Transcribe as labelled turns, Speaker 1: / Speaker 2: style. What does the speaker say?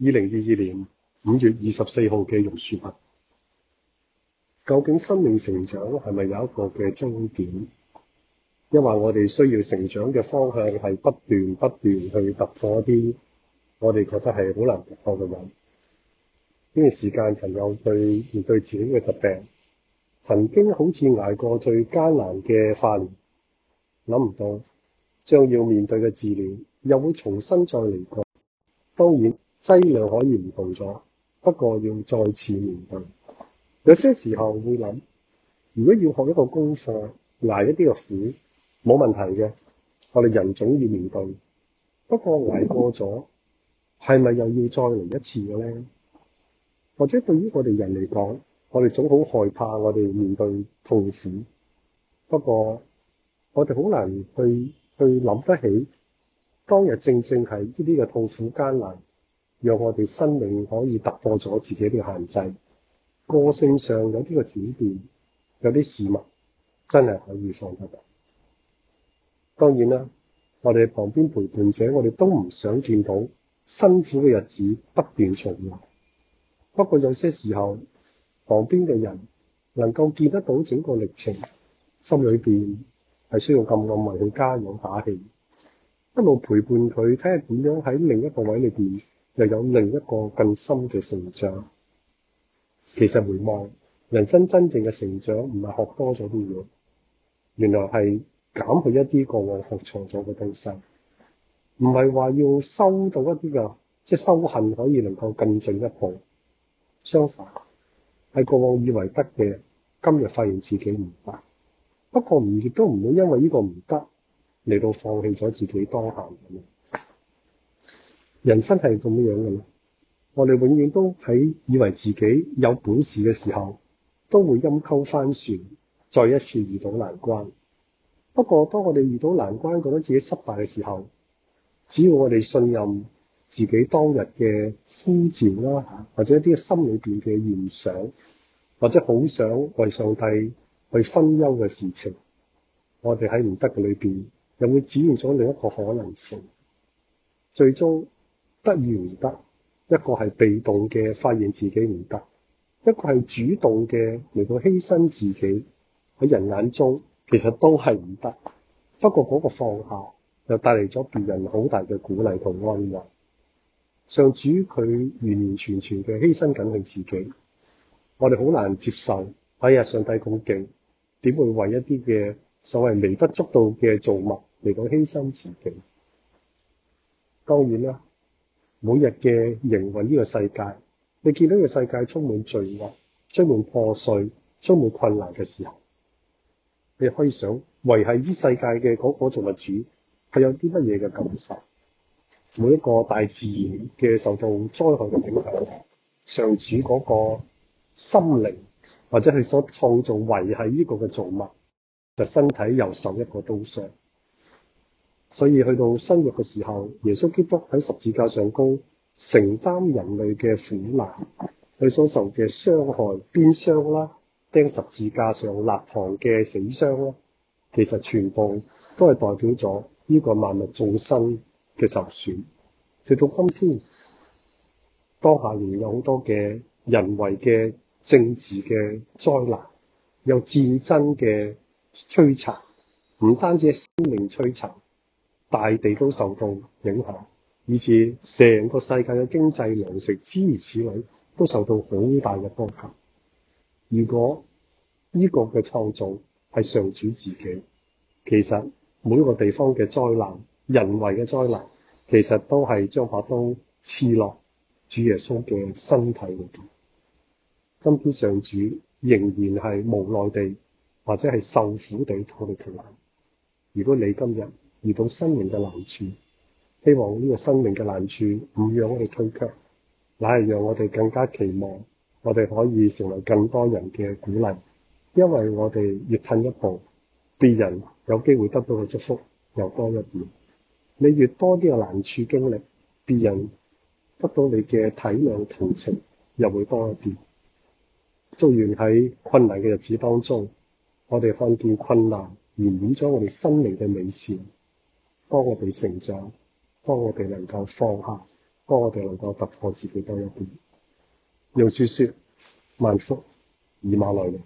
Speaker 1: 二零二二年五月二十四號嘅榕樹物，究竟生命成長係咪有一個嘅終點？因為我哋需要成長嘅方向係不斷不斷去突破一啲我哋覺得係好難突破嘅嘢。呢段時間朋友去面對自己嘅疾病，曾經好似捱過最艱難嘅化療，諗唔到將要面對嘅治療又會重新再嚟過。當然。劑量可以唔同咗，不過要再次面對。有些時候會諗，如果要學一個功課，捱一啲嘅苦冇問題嘅。我哋人總要面對，不過捱過咗係咪又要再嚟一次嘅咧？或者對於我哋人嚟講，我哋總好害怕我哋面對痛苦。不過我哋好難去去諗得起，當日正正係呢啲嘅痛苦艱難。讓我哋生命可以突破咗自己嘅限制，個性上有啲個轉變，有啲事物真係可以放得到。當然啦，我哋旁邊陪伴者，我哋都唔想見到辛苦嘅日子不斷重來。不過有些時候，旁邊嘅人能夠見得到整個歷程，心裏邊係需要咁安慰去加油打氣，一路陪伴佢，睇下點樣喺另一個位裏邊，又有另一個更深嘅成長。其實回望人生真正嘅成長，唔係學多咗啲嘢，原來係減去一啲過往學錯咗嘅東西。唔係話要收到一啲啊，即係修行可以能夠更進一步。相反係過往以為得嘅，今日發現自己唔得。不過唔亦都唔會因為呢個唔得嚟到放棄咗自己當下嘅。人生係咁樣嘅，我哋永遠都喺以為自己有本事嘅時候，都會陰溝翻船，再一次遇到難關。不過，當我哋遇到難關，覺得自己失敗嘅時候，只要我哋信任自己當日嘅呼召啦，或者一啲心裏邊嘅願想，或者好想為上帝去分憂嘅事情，我哋喺唔得嘅裏邊，又會展現咗另一個可能性，最終。得意唔得，一個係被動嘅發現自己唔得，一個係主動嘅嚟到犧牲自己。喺人眼中其實都係唔得。不過嗰個放下又帶嚟咗別人好大嘅鼓勵同安慰。上主佢完完全全嘅犧牲緊佢自己，我哋好難接受。哎呀，上帝咁勁，點會為一啲嘅所謂微不足道嘅造物嚟到犧牲自己？當然啦。每日嘅營運呢個世界，你見到個世界充滿罪惡、充滿破碎、充滿困難嘅時候，你可以想維繫呢世界嘅嗰、那個造物主，佢有啲乜嘢嘅感受？每一個大自然嘅受到災害嘅影響，上主嗰個心靈或者佢所創造維繫呢個嘅造物，就身體又受一個刀傷。所以去到新約嘅時候，耶穌基督喺十字架上高承擔人類嘅苦難，佢所受嘅傷害、鞭傷啦、釘十字架上立行嘅死傷啦，其實全部都係代表咗呢個萬物眾生嘅受損。直到今天，當下仍有好多嘅人為嘅政治嘅災難，有戰爭嘅摧殘，唔單止係生命摧殘。大地都受到影響，以至成個世界嘅經濟糧食、諸如此類，都受到好大嘅波及。如果呢個嘅創造係上主自己，其實每一個地方嘅災難、人為嘅災難，其實都係將把刀刺落主耶穌嘅身體裏邊。今天上主仍然係無奈地，或者係受苦地我，我哋。如果你今日，遇到生命嘅難處，希望呢個生命嘅難處唔讓我哋退卻，乃係讓我哋更加期望我哋可以成為更多人嘅鼓勵。因為我哋越褪一步，別人有機會得到嘅祝福又多一啲。你越多啲嘅難處經歷，別人得到你嘅體諒同情又會多一啲。祝願喺困難嘅日子當中，我哋看見困難，延點咗我哋生命嘅美善。幫我哋成長，幫我哋能夠放下，幫我哋能夠突破自己多一點。又說說萬福，以馬內利。